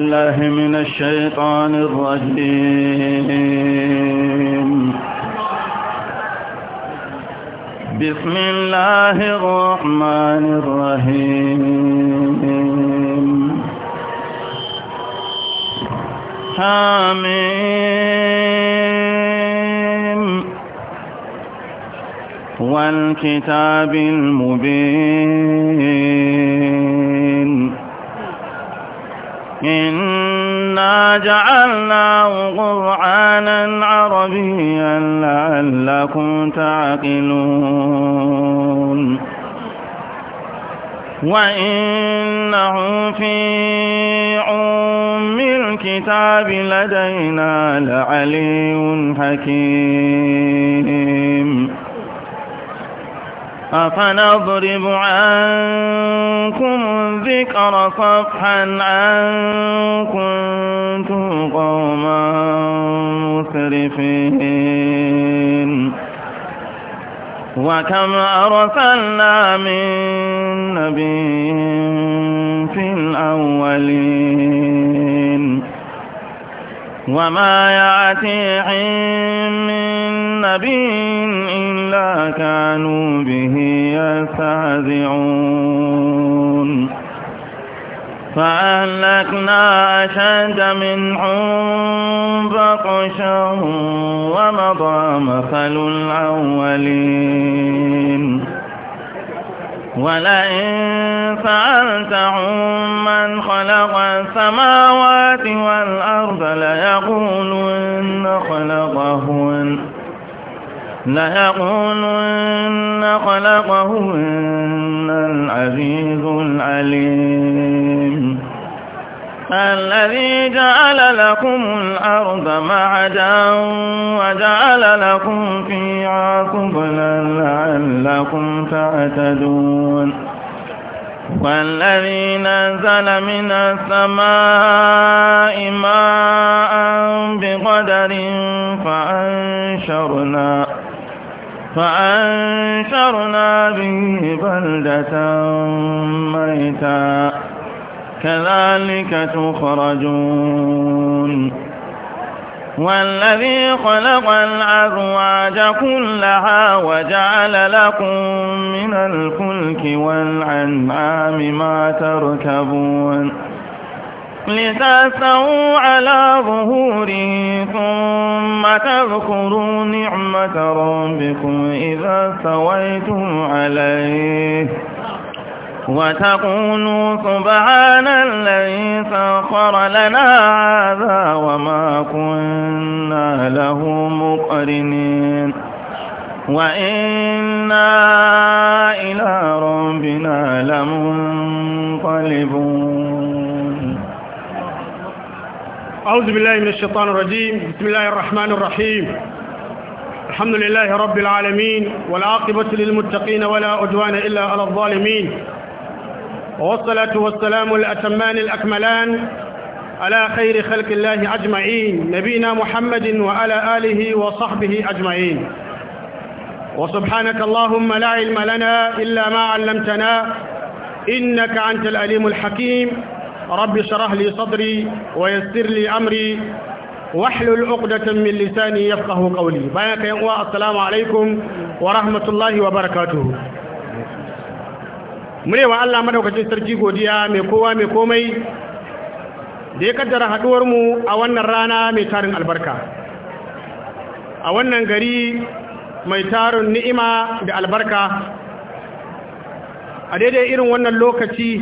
الله من الشيطان الرجيم بسم الله الرحمن الرحيم حميم والكتاب المبين إنا جعلناه قرآنا عربيا لعلكم تعقلون وإنه في أم الكتاب لدينا لعلي حكيم أفنضرب عنكم الذكر صفحا أن كنتم قوما مسرفين وكم أرسلنا من نبي في الأولين وما يأتيهم من نبي كانوا به يستهزئون فأهلكنا أشد منهم بطشا ومضى مثل الأولين ولئن سألتهم من خلق السماوات والأرض ليقولن خلقهن ليقولن خلقهن العزيز العليم الذي جعل لكم الأرض معدا وجعل لكم فيها قبلا لعلكم تعتدون والذي نزل من السماء ماء بقدر فأنشرنا فأنشرنا به بلدة ميتا كذلك تخرجون والذي خلق الأزواج كلها وجعل لكم من الفلك والأنعام ما تركبون لتأسوا على ظهوره ثم تذكروا نعمة ربكم إذا سويتم عليه وتقولوا سبحان الذي سخر لنا هذا وما كنا له مقرنين وإنا إلى ربنا لمنقلبون أعوذ بالله من الشيطان الرجيم بسم الله الرحمن الرحيم الحمد لله رب العالمين والعاقبة للمتقين ولا عدوان إلا على الظالمين والصلاة والسلام الأتمان الأكملان على خير خلق الله أجمعين نبينا محمد وعلى آله وصحبه أجمعين وسبحانك اللهم لا علم لنا إلا ما علمتنا إنك أنت الأليم الحكيم رب شرح لي صدري ويسر لي أمري واحلل عقدة من لساني يفقه قولي بياك يا السلام عليكم ورحمة الله وبركاته mune wa Allah madaukakin sarki godiya mai kowa mai komai da ya kaddara haduwar mu a wannan rana mai tarin albarka a wannan gari mai tarin ni'ima da albarka a daidai irin wannan lokaci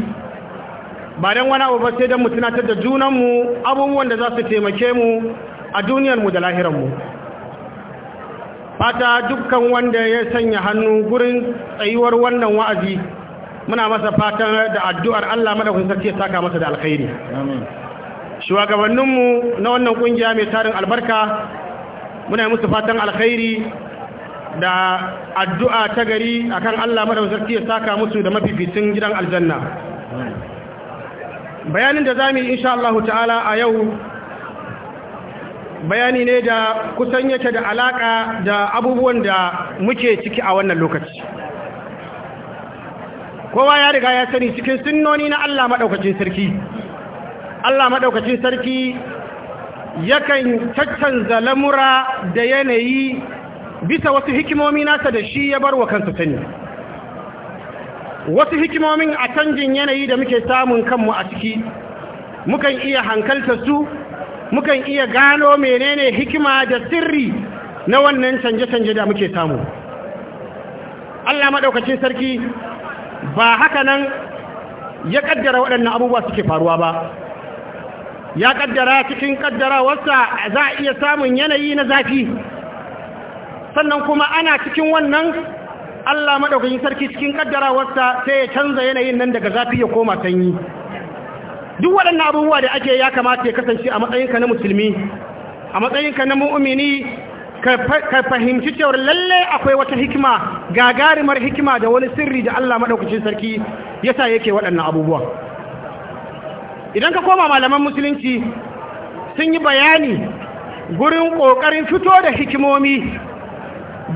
ba don wani abu ba sai don mu tunatar da junanmu abubuwan da za su taimake mu a duniyarmu da lahiranmu fata dukkan wanda ya sanya hannu gurin tsayuwar wannan wa'azi muna masa fatan da addu'ar Allah madafin sarki ya saka masa da alkhairi shugabanninmu na wannan ƙungiya mai tarin albarka muna musu fatan alkhairi da addu'a ta gari akan Allah madafin sarki ya saka musu da mafificin gidan aljanna bayanin da za yi insha Allah ta'ala a yau bayani ne da kusan yake da alaƙa da abubuwan da muke ciki a wannan lokaci kowa ya riga ya sani cikin sunnoni na Allah maɗaukacin sarki Allah maɗaukacin sarki yakan caccanza lamura da yanayi bisa wasu hikimomi nasa da shi ya bar wa kansa sani wasu hikimomin a canjin yanayi da muke samun kanmu a ciki mukan iya hankalta su mukan iya gano menene hikima da sirri na wannan canje-canje da muke samu Allah maɗaukacin sarki ba haka nan ya ƙaddara waɗannan abubuwa suke faruwa ba ya ƙaddara cikin ƙaddarawarsa za a iya samun yanayi na zafi sannan kuma ana cikin wannan Allah madaukakin sarki cikin kaddarawarsa sai ya canza yanayin nan daga zafi ya koma sanyi duk waɗannan abubuwa da ake ya kamata ya kasance a matsayinka na musulmi a matsayinka na mu'mini ka fahimci cewar lalle akwai wata hikima gagarumar hikima da wani sirri da Allah madaukakin sarki ya yasa yake waɗannan abubuwa idan ka koma malaman musulunci sun yi bayani gurin ƙoƙarin fito da hikimomi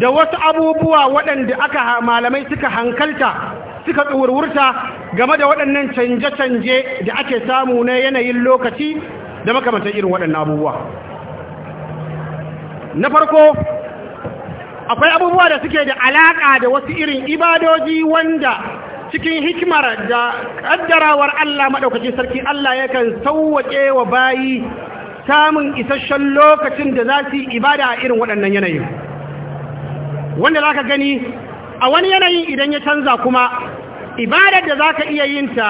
da wasu abubuwa waɗanda aka malamai suka hankalta suka tsurwurta game da waɗannan canje-canje da ake samu na yanayin lokaci da makamantar irin waɗannan abubuwa na farko akwai abubuwa da suke da alaƙa da wasu irin ibadoji wanda cikin hikimar da ƙaddarawar Allah maɗaukacin sarki Allah yakan sauwaƙe wa bayi samun isasshen lokacin da za su yi ibada a irin waɗannan yanayin wanda za ka gani a wani yanayin idan ya canza kuma ibadar da za ka iya yinta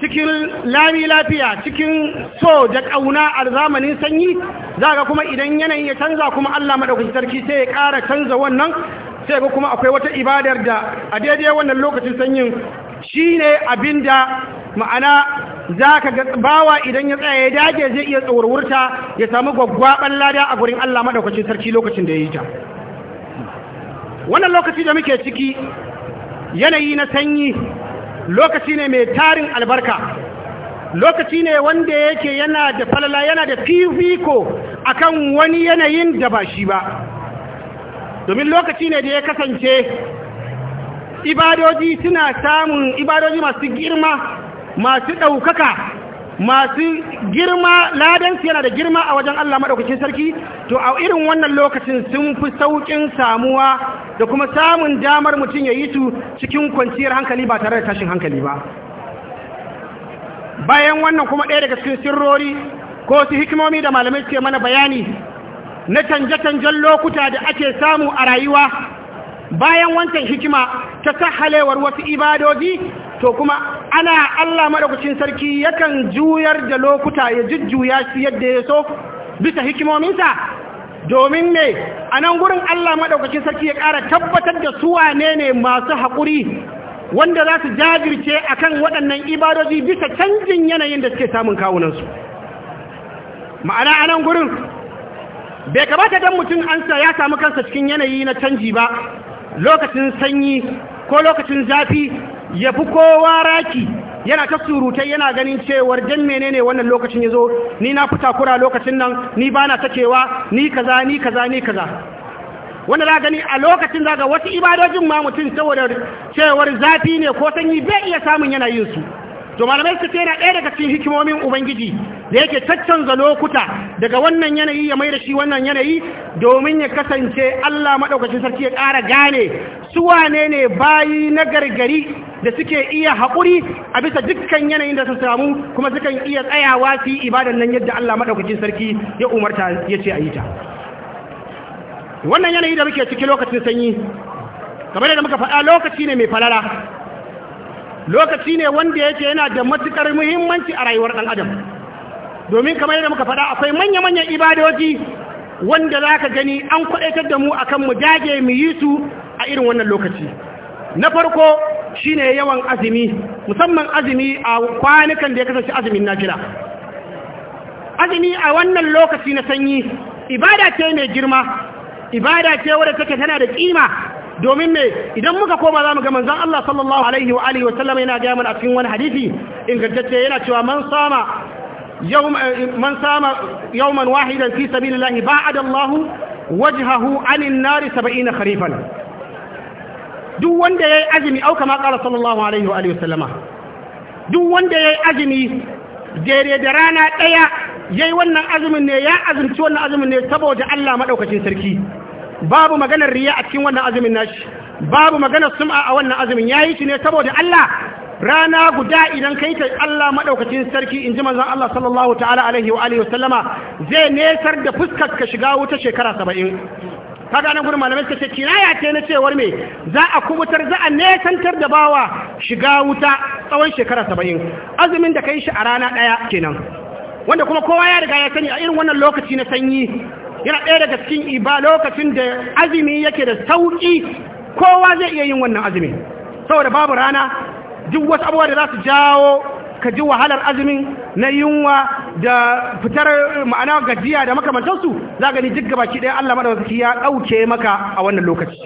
cikin lami lafiya cikin so da ƙauna a zamanin sanyi za ka kuma idan yanayin ya canza kuma allah maɗaukacin sarki sai ya ƙara canza wannan sai ga kuma akwai wata ibadar da a daidai wannan lokacin sanyin shi ne abin da ma'ana za ka ga bawa idan ya tsaye ya dage zai iya tsawarwurta ya samu gwaggwaɓar lada a gurin allah maɗaukacin sarki lokacin da ya yi ta wannan lokaci da muke ciki yanayi na sanyi lokaci ne mai tarin albarka lokaci ne wanda yake yana da falala yana da fifiko akan wani yanayin da ba shi ba domin lokaci ne da ya kasance ibadoji suna samun ibadoji masu girma masu ɗaukaka masu girma ladansu yana da girma a wajen Allah maɗaukacin sarki to a irin wannan lokacin sun fi sauƙin samuwa da kuma samun damar mutum ya yi su cikin kwanciyar hankali ba tare da tashin hankali ba bayan wannan kuma ɗaya daga cikin sirrori ko su hikimomi da malamai suke mana bayani na canje-canjen lokuta da ake samu a rayuwa bayan wancan hikima ta sahalewar wasu ibadoji to kuma ana Allah madaukacin sarki yakan juyar da lokuta ya jujjuya shi yadda ya so bisa hikimominsa domin ne a nan gurin Allah madaukacin sarki ya ƙara tabbatar da su wane ne masu haƙuri wanda za su jajirce akan waɗannan ibadoji bisa canjin yanayin da suke samun kawunansu ma'ana a gurin bai kamata don mutum ansa ya samu kansa cikin yanayi na canji ba lokacin sanyi ko lokacin zafi ya fi kowa raki yana ta surutai yana ganin cewar jan menene wannan lokacin ya zo ni na fita kura lokacin nan ni ba na takewa ni kaza ni kaza ni kaza wanda za gani a lokacin za ga wasu ibadojin ma mutum saboda cewar zafi ne ko sanyi bai iya samun yana yin su to malamai su ce yana ɗaya daga cikin hikimomin ubangiji da yake caccanza lokuta daga wannan yanayi ya mai da shi wannan yanayi domin ya kasance Allah maɗaukacin sarki ya ƙara gane su wane ne bayi na gargari da suke iya haƙuri a bisa dukkan yanayin da su samu kuma sukan iya tsayawa su ibadan nan yadda Allah maɗaukacin sarki ya umarta ya ce a yi ta wannan yanayi da muke ciki lokacin sanyi kamar da muka faɗa lokaci ne mai falala lokaci ne wanda yake yana da matukar muhimmanci a rayuwar ɗan adam domin kamar yadda muka faɗa akwai manya-manyan ibadoji wanda za ka gani an kwaɗaitar da mu a kan mu jage mu yi su a irin wannan lokaci na farko shi ne yawan azumi musamman azumi a kwanukan da ya kasance azumin kira. azumi a wannan lokaci na sanyi ibada ce mai girma ibada ce wadda take tana da kima domin me idan muka koma za mu ga manzon Allah sallallahu alaihi wa alihi wa yana ga mana a cikin wani hadithi ingantacce yana cewa man sama يوم من سام يوما واحدا في سبيل الله بعد الله وجهه عن duk wanda yayi azumi au kama qala sallallahu alaihi wa alihi wasallama duk wanda yayi azumi dare da rana daya yayi wannan azumin ne ya azumci wannan azumin ne saboda Allah madaukakin sarki babu maganar riya a cikin wannan azumin nashi babu maganar sum'a a wannan azumin yayi shi ne saboda Allah rana guda idan kai ta Allah madaukakin sarki in ji manzon Allah sallallahu ta'ala alaihi wa alihi wasallama zai nesar da fuskar ka shiga wuta shekara 70 kaga nan gurin malamai suka ce kinaya ce na cewar me za a kubutar za a nesantar da bawa shiga wuta tsawon shekara 70 azumin da kai shi a rana daya kenan wanda kuma kowa ya riga ya sani a irin wannan lokaci na sanyi yana ɗaya daga cikin iba lokacin da azumi yake da sauƙi kowa zai iya yin wannan azumi saboda babu rana duk wasu abuwa da za su jawo ka ji wahalar azumin na yunwa da fitar ma'ana gajiya da makamantarsu za gani duk ki ɗaya Allah wasu ya ɗauke maka a wannan lokaci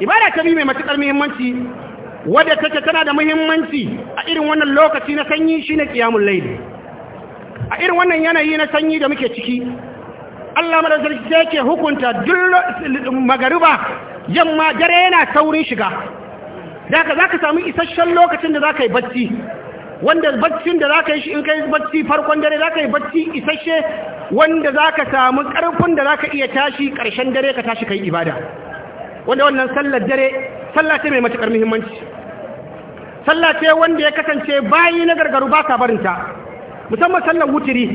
ibada ta mai matuƙar muhimmanci wadda take tana da muhimmanci a irin wannan lokaci na sanyi shi na ƙiyamun laifi. a irin wannan yanayi na sanyi da muke ciki Allah zarki sarki yake hukunta duk magariba yamma dare yana saurin shiga daga zaka samu isasshen lokacin da zaka yi bacci wanda baccin da zaka yi shi in kai bacci farkon dare zaka yi bacci isasshe wanda zaka samu karfin da zaka iya tashi karshen dare ka tashi kai ibada wanda wannan sallar dare sallah ce mai matukar muhimmanci sallah ce wanda ya kasance bayi na gargaru ba sa barinta musamman sallar wutiri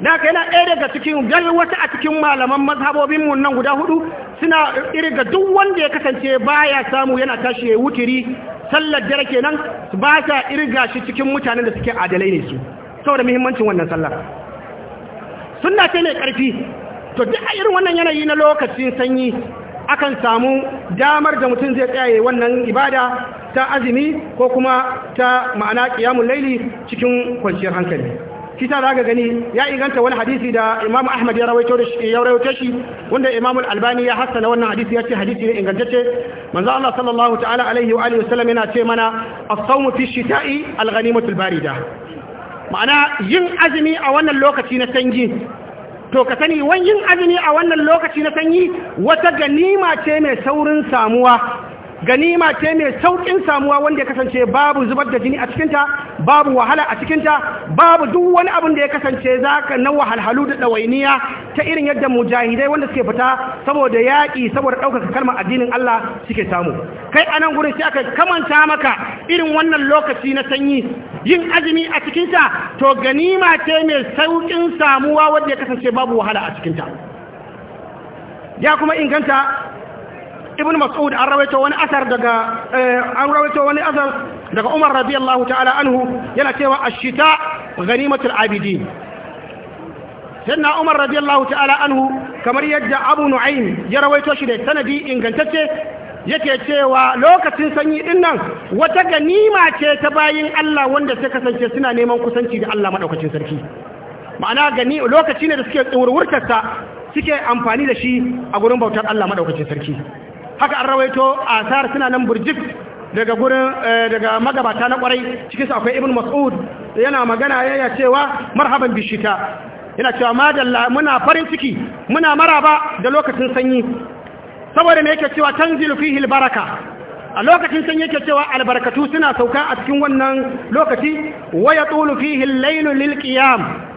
da ka yana ɗaya daga cikin gal wata a cikin malaman mazhabobin nan guda hudu suna irga duk wanda ya kasance baya samu yana tashi ya wuturi sallar dare kenan ba ta irga shi cikin mutanen da suke adalai ne su saboda muhimmancin wannan sallar sunna ce ne karfi to duk a irin wannan yanayi na lokacin sanyi akan samu damar da mutum zai tsaye wannan ibada ta azumi ko kuma ta ma'ana ƙiyamun laili cikin kwanciyar hankali kisa ta gani ya inganta wani hadisi da Imam Ahmad ya rawaito ya rawaito shi wanda Imam albani ya hassana wannan hadisi ya ce hadisi ne ingantacce manzo Allah sallallahu ta'ala alaihi wa alihi wasallam yana ce mana as-sawmu fi shita'i al-ghanimatu al-barida ma'ana yin azumi a wannan lokaci na sanyi to ka sani wani yin azumi a wannan lokaci na sanyi wata ganima ce mai saurin samuwa ganima ce mai saukin samuwa wanda ya kasance babu zubar da jini a cikinta babu wahala a cikinta babu duk wani abin da ya kasance za zaka na wahalhalu da ɗawainiya ta irin yadda mujahidai wanda suke fita saboda yaƙi saboda ɗaukaka kalmar addinin Allah suke samu kai anan gurin sai aka kamanta maka irin wannan lokaci na sanyi yin azumi a cikinta to ganima ce mai saukin samuwa wanda ya kasance babu wahala a cikinta ya kuma inganta ibn mas'ud an rawaito wani asar daga eh, an rawaito wani asar daga umar radiyallahu ta'ala anhu yana cewa ash-shita ghanimatul abidin sanna umar radiyallahu ta'ala anhu kamar yadda abu nu'aym ya rawaito shi da sanadi ingantacce yake cewa lokacin sanyi din nan wata ganima ce ta bayin Allah wanda sai kasance suna neman kusanci da Allah madaukakin sarki ma'ana gani lokaci ne da suke tsurwurtarsa suke amfani da shi a gurin bautar Allah madaukakin sarki haka an rawaito a asar suna nan burjik daga gurin eh, daga magabata na kwarai cikin akwai ibn mas'ud yana magana yana cewa marhaban bishita yana cewa madalla muna farin ciki muna maraba da lokacin sanyi saboda me yake cewa tanzilu fihi albaraka a lokacin sanyi yake cewa albarkatu suna sauka a cikin wannan lokaci waya tulu fihi al-lailu lil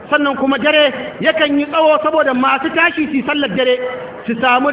sannan kuma dare yakan yi tsawo saboda masu tashi su sallar dare su samu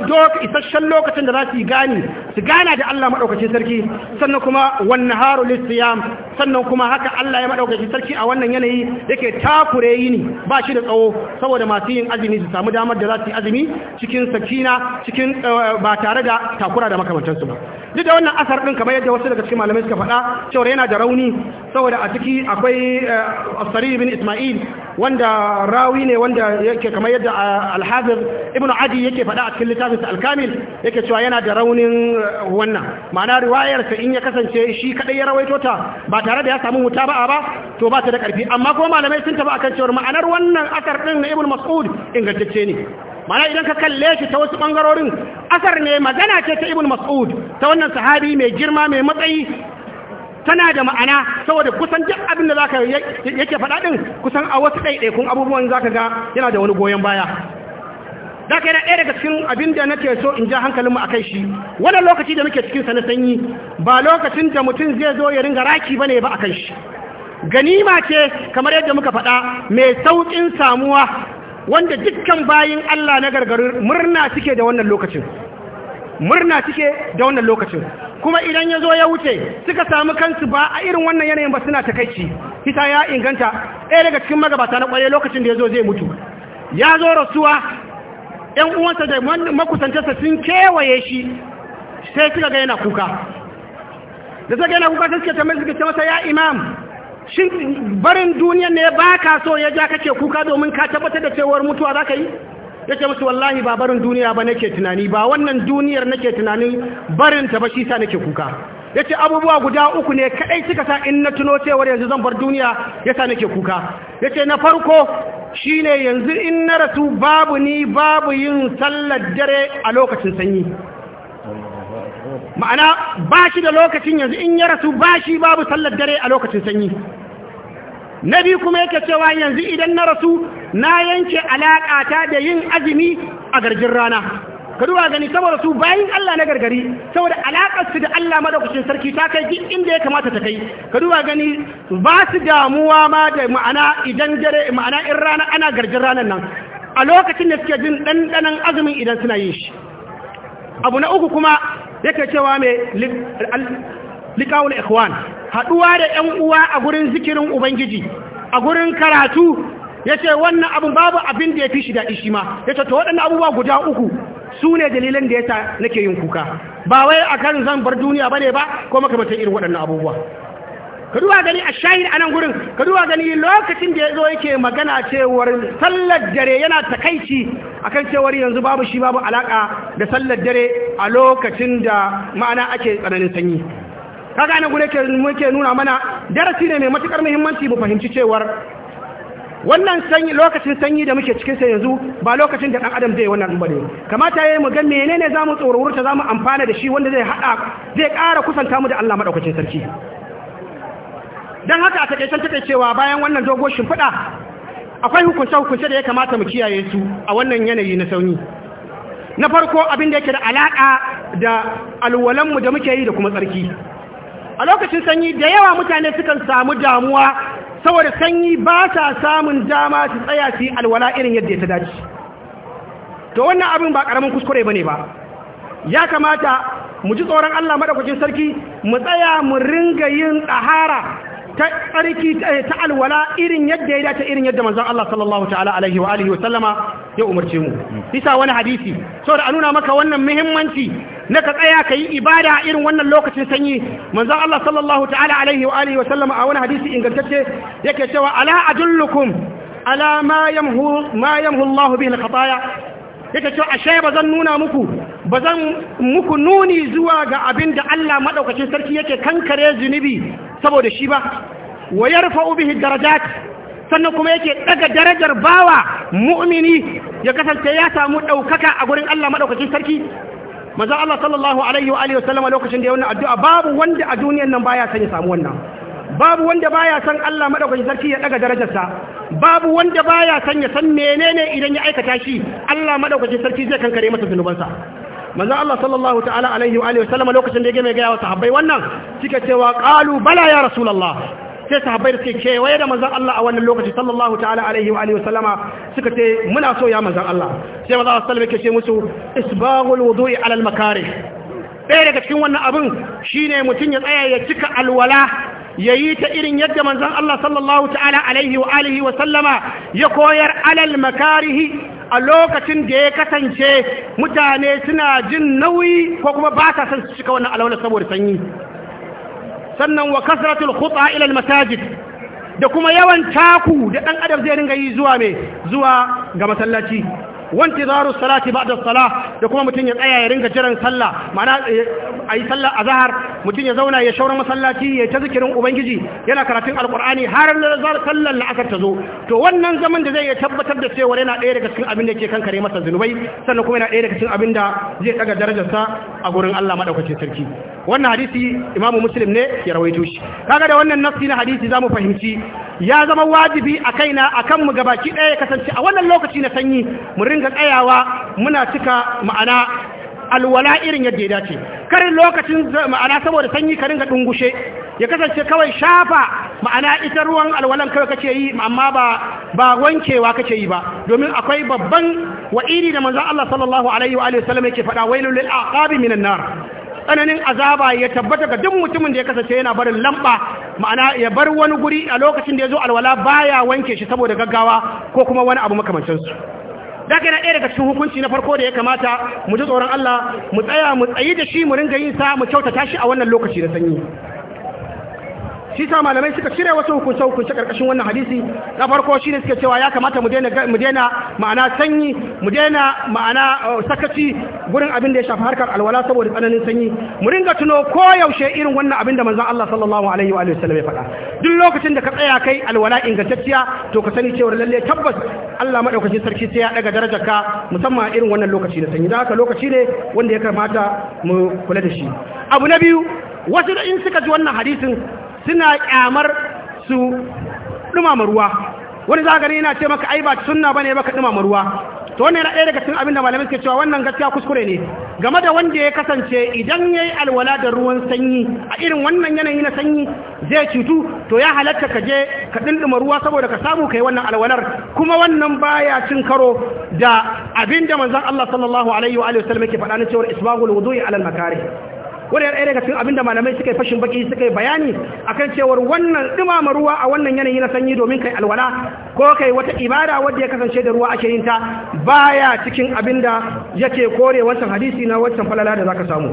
isasshen lokacin da za su yi gani su gana da Allah maɗaukacin sarki sannan kuma wannan haru lissiyam sannan kuma haka Allah ya maɗaukacin sarki a wannan yanayi yake takure ni ba shi da tsawo saboda masu yin azumi su samu damar da za su yi azumi cikin sakina cikin eh, ba tare da takura da makamantansu ba duk da wannan asar ɗin kamar yadda wasu daga cikin malamai suka faɗa cewar yana da rauni saboda a ciki akwai eh, asari bin ismail wanda rawi ne wanda yake kamar yadda eh, alhazir ibn adi yake faɗa a cikin littafin sa alkamil yake cewa yana da raunin eh, wannan ma'ana riwayar sa in ya kasance shi kadai ya rawaito ta ba tare da ya samu mutaba'a ba to ba ta da karfi amma ko malamai sun taba akan cewa ma'anar wannan asar din na ibnu mas'ud ingantacce ne mana idan ka kalle shi ta wasu bangarorin asar ne magana ce ta ibn mas'ud ta wannan sahabi mai girma mai matsayi tana da ma'ana saboda kusan duk abin da zaka yake faɗa din kusan a wasu ɗaiɗaikun abubuwan zaka ga yana da wani goyon baya da ka yana ɗaya daga cikin abin da nake so in ja hankalinmu a kai shi wannan lokaci da muke cikinsa na sanyi ba lokacin da mutum zai zo ya ringa raki ba ne ba a kai shi ganima ce kamar yadda muka faɗa mai sauƙin samuwa wanda dukkan bayin Allah na gargaru murna suke da wannan lokacin murna suke da wannan lokacin kuma idan ya zo ya wuce suka samu kansu ba a irin wannan yanayin ba suna takaici hita ya inganta ɗaya daga cikin magabata na ƙwarai lokacin da ya zo zai mutu ya zo rasuwa ɗan uwansa da makusantarsa sun kewaye shi sai suka ga yana kuka da suka yana kuka sai suka tambaye suka ce masa ya imam shin barin duniya ne ba ka so ya ja kake kuka domin ka tabbatar da cewar mutuwa za ka yi ya ce musu wallahi ba barin duniya ba nake tunani ba wannan duniyar nake tunanin barin ta ba shi sa nake kuka ya ce abubuwa guda uku ne kaɗai suka sa in na tuno cewar yanzu zan bar duniya ya sa nake kuka ya ce na farko shine yanzu in na rasu babu ni babu yin sallar dare a lokacin sanyi ma'ana ba shi da lokacin yanzu in ya rasu ba shi babu sallar dare a lokacin sanyi na biyu kuma yake cewa yanzu idan na rasu na yanke alaƙata da yin azumi a garjin rana ka duba gani saboda su bayin Allah na gargari saboda alakar su da Allah madaukakin sarki ta kai duk inda ya kamata ta kai ka duba gani ba su damuwa ma da ma'ana idan dare ma'ana in rana ana garjin ranar nan a lokacin da suke jin ɗanɗanon azumin idan suna yin shi abu na uku kuma yake cewa mai liƙawul ikhwan Haduwa da ƴan uwa a gurin zikirin ubangiji a gurin karatu ya wannan abin babu abin da yafi shi da shi ma ya ce to waɗannan abubuwa guda uku su ne dalilan da yasa nake yin kuka ba wai a kan zan bar duniya ne ba ko makamantan irin waɗannan abubuwa ka duba gani a shahid a nan gurin ka duba gani lokacin da ya zo yake magana cewar sallar dare yana takaici kan cewar yanzu babu shi babu alaka da sallar dare a lokacin da ma'ana ake tsananin sanyi kaga nan gurin muke nuna mana darasi ne mai matukar muhimmanci mu fahimci cewar wannan sanyi lokacin sanyi da muke cikin sa yanzu ba lokacin da dan adam zai wannan ba bane kamata yayi mu ga menene zamu tsorurta zamu amfana da shi wanda zai hada zai ƙara kusanta mu da Allah madaukakin sarki dan haka a takeicen cewa bayan wannan dogon shimfiɗa akwai hukunce hukunce da ya kamata mu kiyaye su a wannan yanayi na sauni na farko abin da yake da alaka da alwalan mu da muke yi da kuma sarki a lokacin sanyi da yawa mutane suka samu damuwa saboda sanyi ba ta samun dama su tsaya su yi alwala irin yadda ya ta dace to wannan abin ba karamin kuskure ba ne ba ya kamata mu ji tsoron Allah maɗaukacin sarki mu tsaya mu ringa yin tsahara ta tsarki eh, ta alwala irin yadda ya dace irin yadda manzon Allah sallallahu ta'ala alaihi wa alihi wa sallama ya umarce mu bisa wani hadisi saboda a nuna maka wannan muhimmanci na ka tsaya ka yi ibada irin wannan lokacin sanyi manzon Allah sallallahu ta'ala alaihi wa alihi wa sallama a wani hadisi ingantacce yake cewa ala adullukum ala ma yamhu ma yamhu Allah bihi al-khataya yake cewa ashe bazan nuna muku ba zan muku nuni zuwa ga abin da Allah maɗaukacin sarki yake kankare zunubi saboda shi ba wa yarfa'u bihi darajat sannan kuma yake ɗaga darajar bawa mu'mini ya kasance ya samu ɗaukaka a gurin Allah maɗaukacin sarki maza Allah sallallahu alaihi wa alihi wasallam lokacin da ya wannan addu'a babu wanda a duniyar nan baya son ya samu wannan babu wanda baya son Allah maɗaukacin sarki ya ɗaga darajarsa babu wanda baya son ya san menene idan ya aikata shi Allah maɗaukacin sarki zai kankare masa zunubansa manzo Allah sallallahu ta'ala alaihi wa alihi wasallam lokacin da ya mai gaya wa sahabbai wannan suka cewa qalu bala ya rasulullah sai sahabbai da suke kewaye da manzon Allah a wannan lokaci sallallahu ta'ala alaihi wa alihi wasallama suka ce muna so ya manzon Allah sai manzon Allah sallallahu ce musu isbaghul wudu'i ala al-makarih ɗaya daga cikin wannan abin shine mutun ya tsaya ya cika alwala yayi ta irin yadda manzon Allah sallallahu ta'ala alaihi wa alihi wasallama ya koyar alal makarihi a lokacin da ya kasance mutane suna jin nauyi ko kuma ba ta son su cika wannan alwala saboda sanyi sannan wa kasratul khuta ila almasajid da kuma yawan taku da dan adam zai ringa yi zuwa me zuwa ga masallaci wanti zaru salati ba'da salah da kuma mutum ya tsaya ya ringa jiran sallah ma'ana eh, ayi sallah azhar mutum ya zauna ya shaura masallaci ya ta zikirin ubangiji yana karatun alqur'ani har zar sallar la'asar ta zo to wannan zaman da zai tabbatar da cewa yana ɗaya daga cikin abin da ke kankare masa zunubai sannan kuma yana ɗaya daga cikin abin da zai daga darajarsa a gurin Allah madaukakin sarki wannan hadisi imamu muslim ne ya rawaito shi kaga da wannan nafsi na hadisi zamu fahimci ya zama wajibi a kaina a kanmu gabaki ɗaya ya kasance a wannan lokaci na sanyi mu ringa tsayawa muna cika ma'ana alwala irin yadda ya dace karin lokacin ma'ana saboda sanyi ka ringa dungushe ya kasance kawai shafa ma'ana ita ruwan alwalan kawai kace yi amma ba ba wankewa kace yi ba domin akwai babban wa'idi da manzon Allah sallallahu alaihi wa alihi wasallam yake faɗa wailul lil aqabi minan nar tsananin azaba ya tabbata ga duk mutumin da ya kasance yana barin lamba ma'ana ya bar wani guri a lokacin da ya zo alwala baya wanke shi saboda gaggawa ko kuma wani abu makamancin su da kai na ɗaya daga cikin hukunci na farko da ya kamata mu ji tsoron Allah mu tsaya mu tsayi da shi mu ringa yin sa mu kyautata shi a wannan lokaci na sanyi shi sa malamai suka cire wasu hukunce hukunce karkashin wannan hadisi na farko shine suke cewa ya kamata mu daina mu daina ma'ana sanyi mu daina ma'ana uh, sakaci gurin abin da ya shafi harkar alwala saboda tsananin sanyi mu ringa tuno ko yaushe irin wannan abin da manzon Allah sallallahu alaihi wa sallam ya faɗa duk lokacin da ka tsaya kai alwala ingantacciya to ka sani cewa lalle tabbas Allah madaukakin sarki sai ya daga darajar ka musamman irin wannan lokaci na sanyi da haka lokaci ne wanda ya kamata mu kula da shi abu na biyu wasu da in suka ji wannan hadisin suna kyamar su dumama ruwa wani za yana ce maka ai ba sunna bane baka dumama ruwa to wannan yana ɗaya daga cikin abin da malamai suke cewa wannan gaskiya kuskure ne game da wanda ya kasance idan yayi alwala da ruwan sanyi a irin wannan yanayi na sanyi zai cutu to ya halatta ka je ka dindima ruwa saboda ka samu kai wannan alwalar kuma wannan baya cin karo da abin da manzon Allah sallallahu alaihi wa alihi wasallam yake faɗa na cewa isbagul wudu'i alal makari. wanda yana daga cikin abinda malamai suka yi fashin baki suka yi bayani akan cewar wannan dumama ruwa a wannan yanayi na sanyi domin kai alwala ko kai wata ibada wadda ya kasance da ruwa ake yin ta baya cikin abinda yake kore wancan hadisi na wancan falala da zaka samu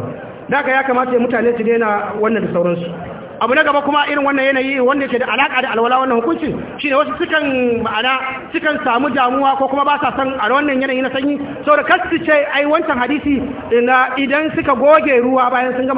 daka ya kamata mutane su daina wannan da sauransu abu na gaba kuma irin wannan yanayi wanda ke da alaka da alwala wannan hukunci shine wasu sukan ma'ana sukan samu damuwa ko kuma ba sa san a wannan yanayi na sanyi saboda kasu ce ai wancan hadisi na idan suka goge ruwa bayan sun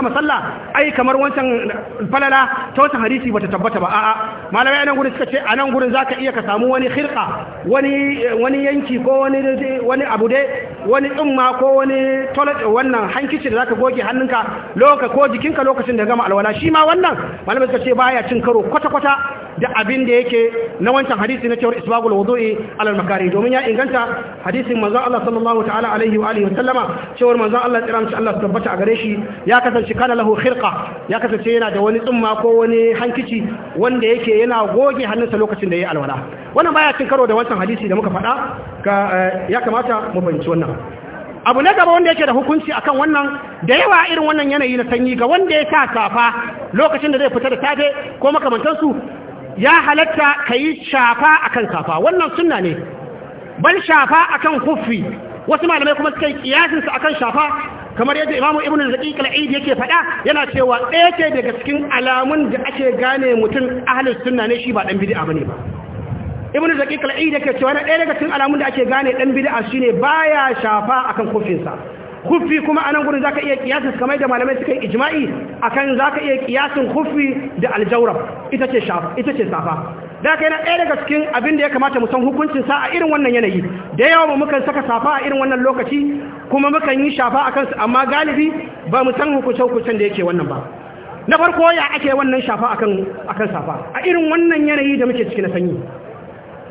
gama sallah ai kamar wancan falala ta wancan hadisi bata tabbata ba a'a malamai anan gurin suka ce anan gurin zaka iya ka samu wani khirqa wani yanki ko wani wani abu dai wani tsumma ko wani toilet wannan hankici da zaka goge hannunka ko jikinka lokacin da gama alwala shi ma wannan malamai suka ce baya cin karo kwata kwata da abin da yake na wancan hadisi na cewar isbagul wudu'i alal makari domin ya inganta hadisin manzon Allah sallallahu ta'ala alaihi wa alihi wa sallama cewar manzon Allah tsira insha Allah tabbata a gare shi ya kasance kana lahu khirqa ya kasance yana da wani tsumma ko wani hankici wanda yake yana goge hannunsa lokacin da yayi alwala wannan baya cin karo da wancan hadisi da muka faɗa ka eh, ya kamata mu fahimci wannan abu na gaba wanda yake da hukunci akan wannan da yawa irin wannan yanayi na sanyi ga wanda ya sa kafa lokacin da zai fita da safe ko makamantansu ya halatta ka yi shafa a kan kafa wannan sunna ne bal shafa kan kufi wasu malamai kuma suka yi kiyasin a kan shafa kamar yadda imamu Ibn Zakiq al yake faɗa yana cewa ɗaya ce daga cikin alamun da ake gane mutum ahlus sunna ne shi ba dan bid'a bane ba Ibn Zakiq al yake cewa ɗaya daga cikin alamun da ake gane dan bid'a shine baya shafa akan kufinsa. khuffi kuma anan gurin zaka iya kiyasin kamar da malamai suka yi ijma'i akan zaka iya kiyasin khuffi da aljawrab ita ce shafa ita ce safa da kai na ɗaya daga cikin abin da ya kamata mu san hukuncin sa a irin wannan yanayi da yawa mu mukan saka safa a irin wannan lokaci kuma mukan yi shafa akan su amma galibi ba mu san hukuncin hukuncin da yake wannan ba na farko ya ake wannan shafa akan akan safa a irin wannan yanayi da muke ciki na sanyi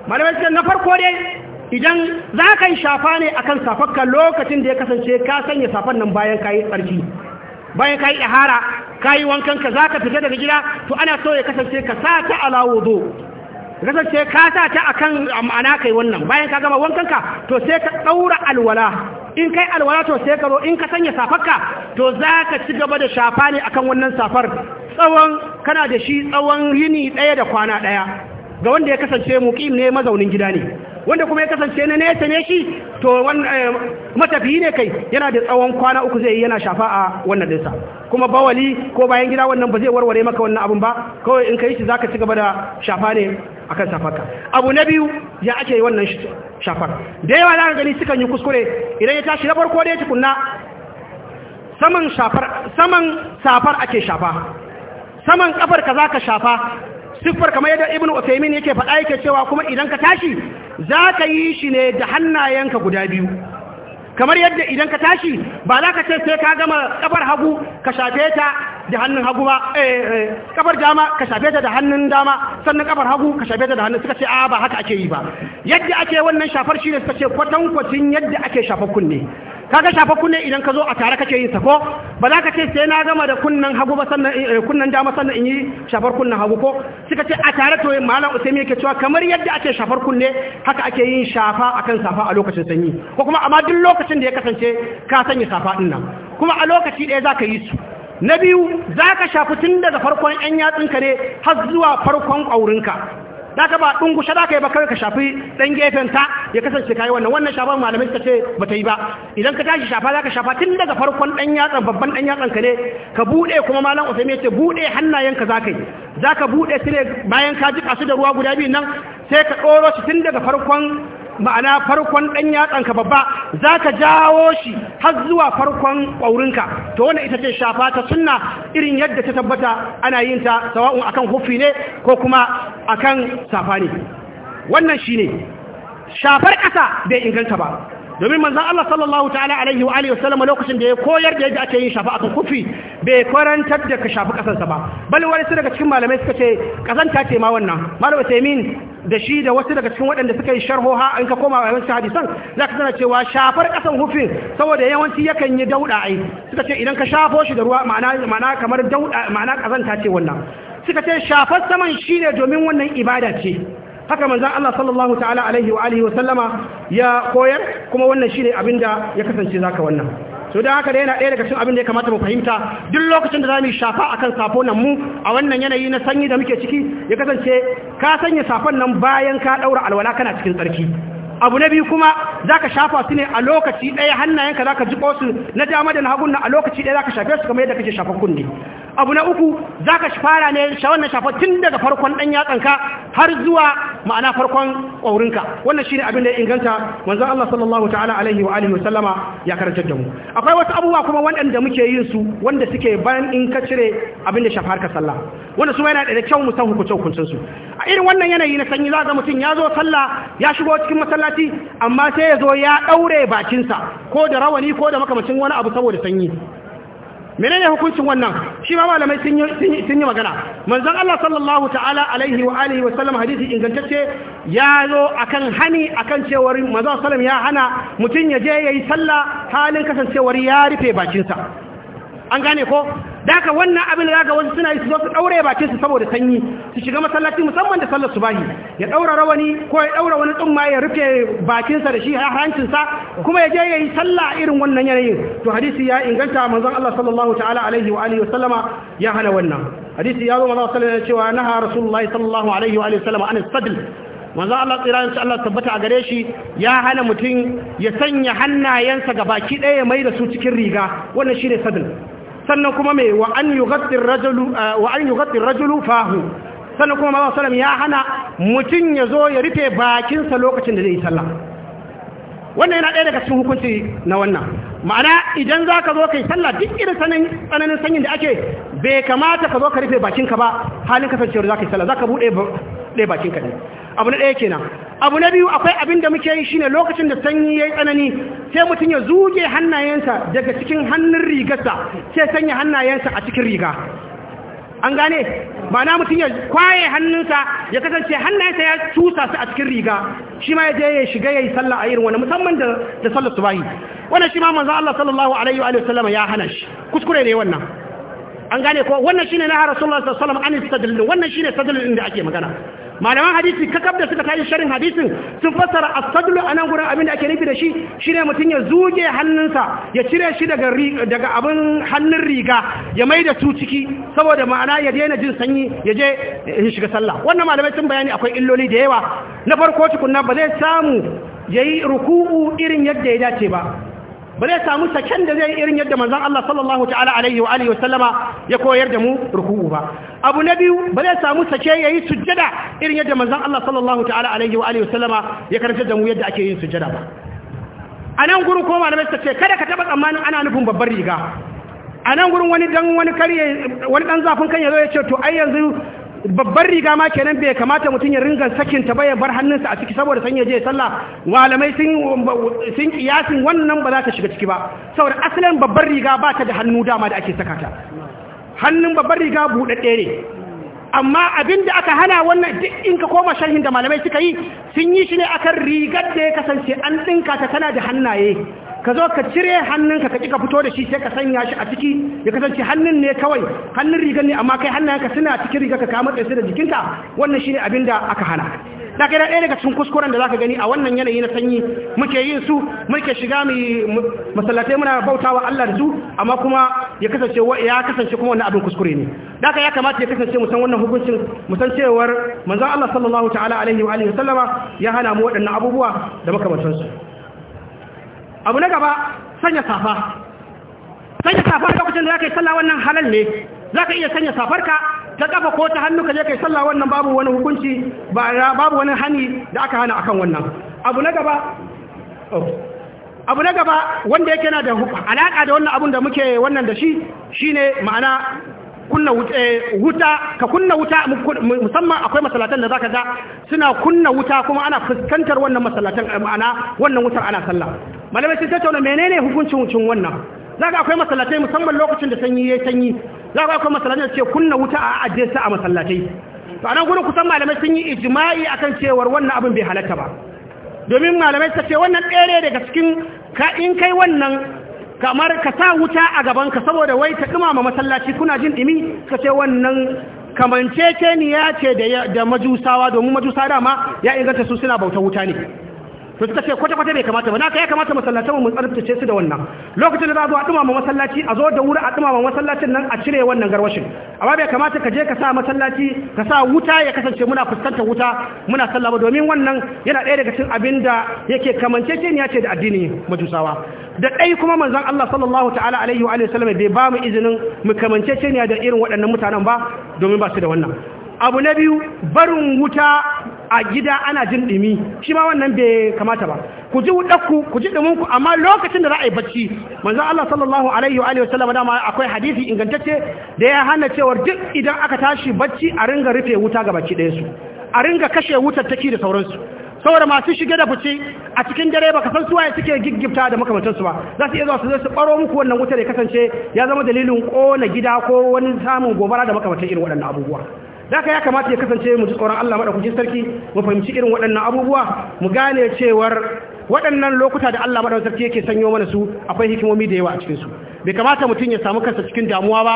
malamai na farko dai idan za ka yi shafa ne a kan safakka lokacin da ya kasance ka sanya safar nan bayan ka yi tsarki bayan ka yi ɗahara ka yi wankanka za ka fita daga gida to ana so ya kasance ka sa ta alawo zo kasance ka sa ta akan ma'ana ka yi wannan bayan ka gama wankanka to sai ka ɗaura alwala in kai alwala to sai ka zo in ka sanya safarka to za ka ci gaba da shafa ne a kan wannan safar tsawon kana da shi tsawon yini ɗaya da kwana ɗaya ga wanda ya kasance muƙim ne mazaunin gida ne wanda kuma ya kasance na nesa ne shi to eh, matafiyi ne kai yana da tsawon kwana uku zai yi yana shafa a wannan dinsa kuma bawali ko bayan gida wannan ba zai warware maka wannan abin ba kawai in kai shi zaka ci gaba da shafa ne akan safarka abu na biyu ya ake yi wannan shafar da yawa za ka gani suka yi kuskure idan ya tashi na farko dai tukunna saman safar ake shafa saman kafar ka zaka shafa siffar kamar yadda ibn Uthaymeen yake faɗa yake cewa kuma idan ka tashi za ka yi shi ne da hannayenka guda biyu kamar yadda idan ka tashi ba za ka ce sai ka gama kafar hagu ka shafe ta da hannun hagu ba kafar eh, eh, dama ka shafe ta da hannun dama sannan kafar hagu ka shafe ta da hannun suka ce a ba haka ake yi ba yadda ake wannan shafar shi ne suka ce kwatankwacin yadda ake shafa kunne kaga shafa kunne idan ka zo a tare kake yin sako? ba za ka ce sai na gama da kunnan hagu ba kunnan eh, dama sannan in yi shafar kunnan hagu ko suka ce a tare to malam usaimi yake cewa kamar yadda ake shafar kunne haka ake yin shafa akan safa a lokacin sanyi ko kuma amma duk lokacin da ya kasance ka sanya safa din kuma a lokaci ɗaya za ka yi su na biyu za ka shafi tun daga farkon 'yan yatsunka ne har zuwa farkon ƙaurinka da ka ba dungushe da ka yi ba kawai ka shafi dan gefen ta ya kasance kai wannan wannan shafan malamai suka ce ba ta yi ba idan ka tashi shafa za ka shafa tun daga farkon dan yatsan babban dan yatsan ka ne ka buɗe kuma malam usaimi ya ce bude hannayenka za ka yi za ka bude su ne bayan ka jika su da ruwa guda biyu nan sai ka ɗoro shi tun daga farkon ma'ana farkon ɗan yatsanka babba za ka jawo shi har zuwa farkon ƙwaurinka to wannan ita ce shafa ta sunna irin yadda ta tabbata ana yin ta sawa'un akan hufi ne ko kuma akan safa ne wannan shine shafar ƙasa bai inganta ba domin manzan Allah sallallahu ta'ala alaihi wa alihi wasallam lokacin da ya koyar da yadda ake yin shafa akan kufi bai karantar da ka shafi kasansa ba bal wani su daga cikin malamai suka ce kasanta ce ma wannan malama taimin da shi da wasu daga cikin waɗanda suka yi sharhoha in ka koma wa yawancin hadisan za ka sana cewa shafar kasan hufin saboda yawanci yakan yi dauɗa ai suka ce idan ka shafo shi da ruwa ma'ana kamar dauɗa ma'ana ce wannan suka ce shafar saman shine domin wannan ibada ce haka manzan Allah sallallahu ta'ala alaihi wa alihi wa sallama ya koyar kuma wannan shine abinda ya kasance za ka wannan so don haka da yana ɗaya daga cikin abin da ya kamata mu fahimta duk lokacin da za mu shafa a kan nan mu a wannan yanayi na sanyi da muke ciki ya kasance ka sanya safon nan bayan ka ɗaura alwala kana cikin tsarki abu na biyu kuma za ka shafa su ne a lokaci ɗaya hannayenka za ka jiƙo su na dama da na hagun na a lokaci ɗaya za ka shafe su kamar yadda kake shafa kunne abu na uku za ka fara ne wannan shafa tun daga farkon ɗan yatsanka har zuwa ma'ana farkon ƙwaurinka wannan shi ne abin da ya inganta wanzan Allah sallallahu ta'ala alaihi wa alihi wasallama ya karanta da mu akwai wasu abubuwa kuma waɗanda muke yin su wanda suke bayan in ka cire abin da shafa harkar sallah wanda su yana da kyau mu san hukuncin su a irin wannan yanayi na sanyi za ga mutum ya zo sallah ya shigo cikin masallaci amma sai ya zo ya ɗaure bakinsa ko da rawani ko da makamacin wani abu saboda sanyi menene hukuncin wannan shi ma malamai sun yi magana manzon Allah sallallahu ta'ala alaihi wa alihi wa sallam hadisi ingantacce ya zo akan hani akan cewar manzon sallam ya hana mutum ya je yayi sallah halin kasancewar ya rufe bakinsa an gane ko daga wannan abin da daga wasu suna yi su zo su daure bakin su saboda sanyi su shiga masallaci musamman da sallar subahi ya daura rawani ko ya daura wani tsumma ya rufe bakin sa da shi hancin sa kuma ya je yayi sallah irin wannan yanayin to hadisi ya inganta manzon Allah sallallahu ta'ala alaihi wa alihi wa sallama ya hana wannan hadisi ya zo manzon sallallahu alaihi cewa naha rasulullahi sallallahu alaihi wa alihi wa sallama an sadl manzon Allah tsira insha Allah tabbata a gare shi ya hana mutum ya sanya hannayensa ga baki ɗaya mai da su cikin riga wannan shine sadl sannan kuma mai wa an yughatti rajulu eh, fahu sannan kuma maza ya hana mutum ya zo ya rufe bakinsa lokacin da zai yi sallah wannan yana ɗaya daga cikin hukunci na wannan ma'ana idan za ka zo ka yi duk irin tsananin sanyin da ake bai kamata ka zo ka rufe bakinka ba halin kasancewar za ka yi salla. za ka buɗe bakinka ne abu na ɗaya kenan abu na biyu akwai abin da muke yi shine lokacin da sanyi ya yi tsanani sai mutum ya zuge hannayensa daga cikin hannun rigarsa sai sanya hannayensa a cikin riga an gane ba na mutum ya kwaye hannunsa ya kasance hannayensa ya tusa su a cikin riga shi ma ya je ya shiga ya yi sallah a irin wani musamman da da sallar subahi wannan shi ma manzo Allah sallallahu alaihi wa sallam ya hana shi kuskure ne wannan an gane ko wannan shine na Rasulullah sallallahu alaihi wa sallam an istadlil wannan shine sadlil din da ake magana malaman hadisi kakab da suka tashi sharin hadisin sun fassara asadlu anan gurin abin da ake nufi da shi shine mutum ya zuge hannunsa ya cire shi daga daga abin hannun riga ya mai da su ciki saboda ma'ana ya daina jin sanyi ya je ya shiga sallah wannan malamai sun bayani akwai illoli da yawa na farko tukunna ba zai samu yayi ruku'u irin yadda ya dace ba ba zai samu saken da zai irin yadda manzon Allah sallallahu ta'ala alaihi wa alihi wasallama ya koyar da mu ruku'u ba abu na biyu ba zai samu sake yayi sujjada irin yadda manzon Allah sallallahu ta'ala alaihi wa alihi wasallama ya karanta da mu yadda ake yin sujjada ba a nan gurin ko malamai suka ce kada ka taba tsammanin ana nufin babbar riga a nan gurin wani dan wani karye wani dan zafin kan yazo ya ce to ai yanzu babbar riga ma kenan bai kamata mutum ya ringa sakin ta ya bar hannunsa a ciki saboda san ya je sallah malamai sun sun kiyasin wannan ba za ta shiga ciki ba saboda asalin babbar riga ba ta da hannu dama da ake saka ta hannun babbar riga buɗaɗɗe ne amma abin da aka hana wannan duk in ka koma sharhin da malamai suka yi sun yi shi ne akan rigar da ya kasance an ɗinka ta tana da hannaye ka zo ka cire hannunka ka ka fito da shi sai ka sanya shi a ciki ya kasance hannun ne kawai hannun rigar ne amma kai hannayenka suna cikin rigar ka kama tsaye da jikinka wannan shi ne abin da aka hana da kai ɗaya daga cikin kuskuren da za ka gani a wannan yanayi na sanyi muke yin su muke shiga mu masallatai muna bautawa Allah da su amma kuma ya kasance ya kasance kuma wannan abin kuskure ne da ya kamata ya kasance mu san wannan hukuncin mu san cewar manzon Allah sallallahu ta'ala alaihi wa alihi sallama ya hana mu waɗannan abubuwa da makamantansu abu na gaba sanya safa sanya safa a lokacin da za ka yi sallah wannan halal ne za ka iya sanya safarka ta kafa ko ta hannu ka je ka yi sallah wannan babu wani hukunci babu wani hani da aka hana akan wannan abu na gaba oh, abu na gaba wanda yake na da alaƙa da wannan abun da muke wannan da shi shine ma'ana kunna eh, wuta ka kunna wuta musamman akwai masallatan da zaka ga suna kunna wuta kuma ana fuskantar wannan masallatan eh, ma'ana wannan wutar ana sallah malamai sun tattauna menene hukuncin wucin wannan zaka akwai masallatai musamman lokacin da sanyi yayi sanyi zaka akwai masallatan da ce kunna wuta a ajje su a masallatai to anan gurin kusan malamai sun yi ijma'i akan cewar wannan abin bai halatta ba domin malamai suka ce wannan ɗere daga cikin ka in kai wannan kamar ka sa wuta a gabanka saboda wai ta dumama masallaci kuna jin dimi ka ce wannan kamanceceniya ce da majusawa domin majusa dama ya inganta su suna bauta wuta ne to suka ce kwata kwata bai kamata ba na kai ya kamata masallacin mu tsarkace su da wannan lokacin da za a zo a dumama masallaci a zo da wuri a dumama masallacin nan a cire wannan garwashin amma bai kamata ka je ka sa masallaci ka sa wuta ya kasance muna fuskantar wuta muna sallah ba domin wannan yana ɗaya daga cikin abin da yake kamanceceniya ce da addini majusawa da ɗai kuma manzon Allah sallallahu ta'ala alaihi wa sallam bai ba mu izinin mu kamanceceniya da irin waɗannan mutanen ba domin ba su da wannan abu na biyu barin wuta a gida ana jin dumi shi ma wannan bai kamata ba ku ji wudakku ku ji dumin amma lokacin da za bacci manzon Allah sallallahu alaihi wa sallama da akwai hadisi ingantacce da ya hana cewa duk idan aka tashi bacci a ringa rufe wuta ga baki ɗayansu a ringa kashe wutar take da sauransu saboda masu shige da fice a cikin dare ba suwa ya suke giggibta da makamantansu ba za su iya zuwa su zai su baro muku wannan wutar ya kasance ya zama dalilin kona gida ko wani samun gobara da makamantan irin waɗannan abubuwa daga ya kamata ya kasance mu ji tsoron Allah madaukakin sarki mu fahimci irin waɗannan abubuwa mu gane cewar waɗannan lokuta da Allah madaukakin sarki yake sanyo mana su akwai hikimomi da yawa a cikin su bai kamata mutum ya samu kansa cikin damuwa ba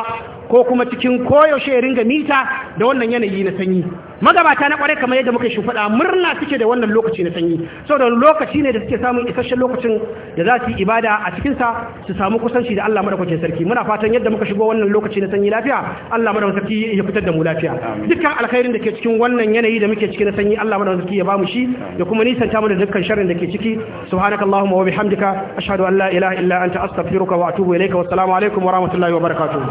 ko kuma cikin koyaushe ya ringa mita da wannan yanayi na sanyi magabata na kwarai kamar yadda muka shi faɗa murna suke da wannan lokaci na sanyi saboda lokaci ne da suke samun isasshen lokacin da za su yi ibada a cikin sa su samu kusanci da Allah madaukakin sarki muna fatan yadda muka shigo wannan lokaci na sanyi lafiya Allah madaukakin sarki ya fitar da mu lafiya dukkan alkhairin da ke cikin wannan yanayi da muke cikin na sanyi Allah madaukakin sarki ya bamu shi Da kuma nisanta mu da dukkan sharrin da ke ciki subhanakallahumma wa bihamdika ashhadu an la bihamdika wassalamu alaikum wa rahmatullahi wa